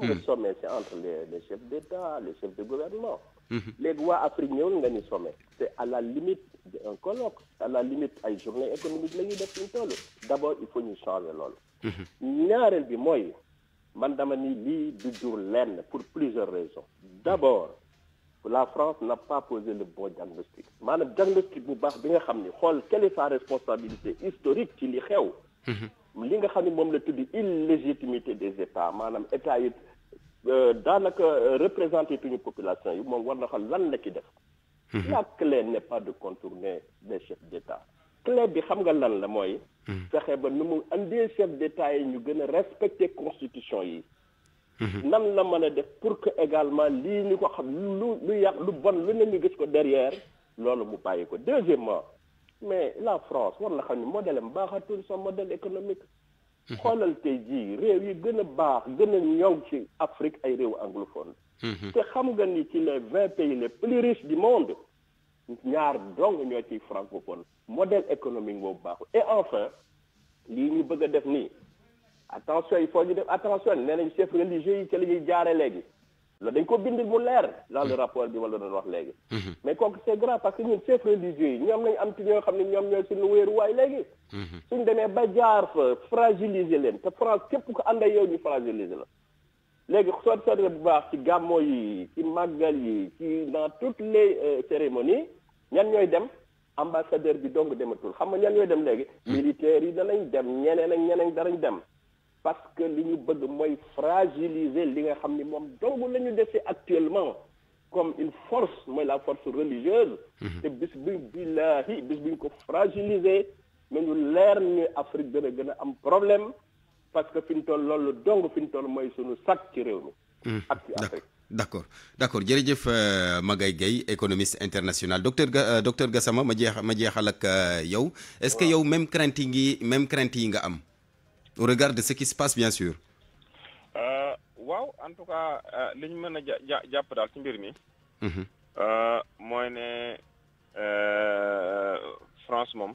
[SPEAKER 9] Le hmm. sommet c'est entre les chefs d'État, les chefs de gouvernement. Hmm. Les droits Afrique nous nga sommet. c'est à la limite d'un colloque à la limite ay journée économique D'abord, def il faut ñu changer loolu. Hmm. ñaareel bi mooy man dama ni du lenn pour plusieurs raisons. D'abord, la France n'a pas posé le bon diagnostic maanaam diagnostic bu baax bi nga quelle est sa responsabilité historique ci li xew li nga xam ne moom la tudd illégitimité des états maanaam état yi euh, daanaka euh, représenté tuñu population yi moom war na xam lan la ci def. Mhm. la clé n'est pas de contourner les chefs d'état clé bi xam nga lan la mooy. Mhm. fexe ba nu mu andee chefs d'état yi ñu gën a respecter constitution yi. Mhm. nan la mën a def pour que également lii ñu ko xam lu lu yàq lu bon lu ne ñu gis ko derrière loolu mu bàyyi ko deuxièmement mais la France war modèle modèle économique. Mhm. xoolal tey baax anglophone. te xam ni les 20 pays les plus riches du monde ñaar francophone modèle économique boobu et enfin attention il faut ñu def attention chef religieux yi ca la dañ ko bindil mu leer dans le mm-hmm. rapport bi wala la doon wax léegi mm-hmm. mais kooku c'est grave parce que ñun chefs religieux yi ñoom lañ am ci ñoo xam ne ñoom ñooy suñu wéeruwaay léegi mm-hmm. suñ demee ba jaar fa fragiliser leen te France képp ko ànd yow ñu fragiliser la léegi soo seetee bu baax ci gàmmo yi ci màggal yi ci dans toutes les euh, cérémonies ñan ñooy dem ambassadeur bi dong dematul xam nga ñan ñooy dem léegi militaires yi danañ dem ñeneen ak ñeneen danañ dem parce que li ñu bëgg mooy fragiliser li nga xam ni moom dong la ñu actuellement comme une force mooy la force religieuse mhm. te bis buñ billaahi bis buñ ko fragiliser nañu leer ni Afrique dana gën a am problème parce que fi ñu toll loolu dong fi ñu toll mooy suñu sac ci réew mi
[SPEAKER 2] mhm. ak ci Afrique d'accord d'accord jërëjëf euh, Magaye Gaye économiste international docteur euh, docteur Gassama ma jeex ma jeexal ak euh, yow est-ce que yow même crainte yi même crainte yi nga am au regard de ce qui se passe bien sûr.
[SPEAKER 7] Euh, waaw en tout cas euh, li ñu mën a ja jàpp daal ci mbir mhm. euh, ne France mom,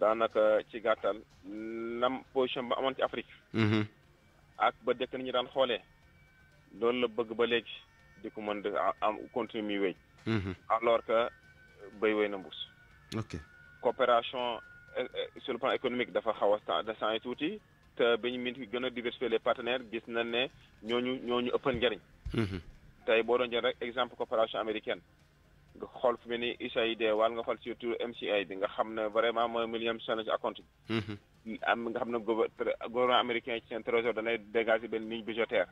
[SPEAKER 7] dans ci gàttal nam position ba l'Afrique ci Afrique. Mhm. ak ba dans ni ñu de xoolee loolu la bëgg ba mhm. alors que béy wéy na mbuus. ok coopération. Euh, sur le plan économique dafa xaw a descendre tuuti te ba ñu mën gën a diversifier les partenaires gis nañ ne ñooñu ñooñu ëppan njariñ mhm. tey boo doon jël rek exemple coopération américaine nga xool fu mel ni USAID wala nga xool surtout MCI bi nga xam ne vraiment mooy Millennium Challenge Account bi. Mhm. am nga xam ne gouvernement américain ci seen trésor danay dégager benn ligne budgétaire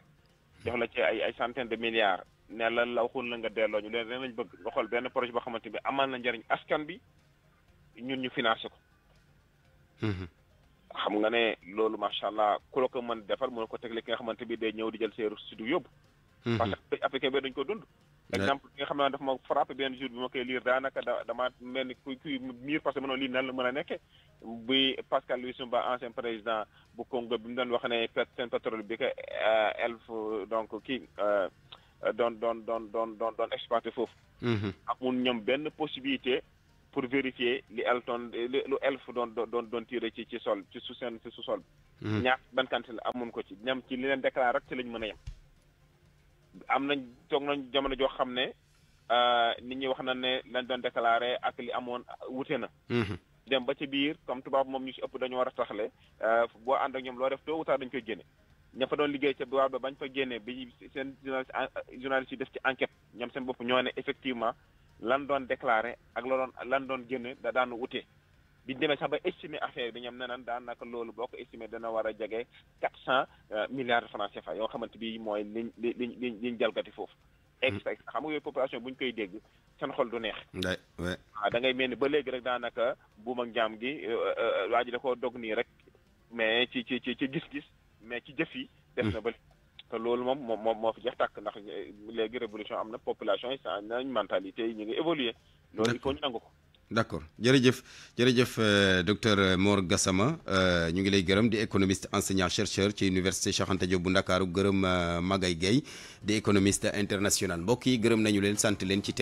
[SPEAKER 7] jox la ci ay ay de milliards ne la la waxul la nga delloo ñu leen ren lañ bëgg nga xool benn projet boo xamante bi amal na njëriñ askan bi ñun ñu financé ko. Mm-hmm. xam nga ne loolu macha allah ku la ko mën defal mën ko tegle ki nga xamante bi day ñëw di jël seeru studio yóbbu. Mm-hmm. parce que ko dund. exemple bi xam ne dafa ma frappé benn jour bi ma koy liir daanaka da dama mel ni kuy kuy miir parce que mënoo lii nan la mën a nekkee. bi Pascal Lissouba ancien président bu Congo bi mu doon wax ne seen pétrole bi que euh, elf donc kii don euh, don doon doon doon doon foofu.
[SPEAKER 6] Mm-hmm.
[SPEAKER 7] benn possibilité. pour vérifier li Elton lu Elf doon doon doon tiré ci sol ci su seen ci su sol. Hmm. ñaar ban quantité la amoon ko ci ñam ci li leen déclaré rek ci lañ mën a yem. am nañ toog nañ jamono joo xam ne euh, ni ñi wax na ne lañ doon déclaré ak li amoon wute na. Hmm. dem ba ci biir comme tubaab moom ñu si ëpp dañoo war a le euh, boo ànd ak ñoom loo ref tôt ou tard koy génne. ña fa doon liggéey ca biwaar ba bañ fa génne bi seen journaliste euh, journaliste yi def ci enquête ñoom seen bopp ñoo ne effectivement. lan doon déclaré ak la doon lan doon génne da daan wute biñ demee sax ba estimer affaire bi ñoom ne daan naka loolu boo ko estimer dana war a jege quatre cent euh, milliards de francs yoo xamante bi mooy liñ liñ liñ liñ jalgati foofu. Hmm. ex ex xam nga yooyu population ñu koy dégg seen xol du neex. waaw ah, da ngay mel ni ba léegi rek daanaka buum ak jaam gi euh, euh, waa ji da koo dog nii rek mais ci ci ci ci gis-gis mais ci jëf yi. def na hmm. ba. D'accord. loolu moom moom révolution population mentalité faut
[SPEAKER 2] D'accord. d' euh, docteur Gassama euh, ñu ngi lay enseignant chercheur ci université D'accord. bu gërëm euh, économiste international gërëm nañu leen sant leen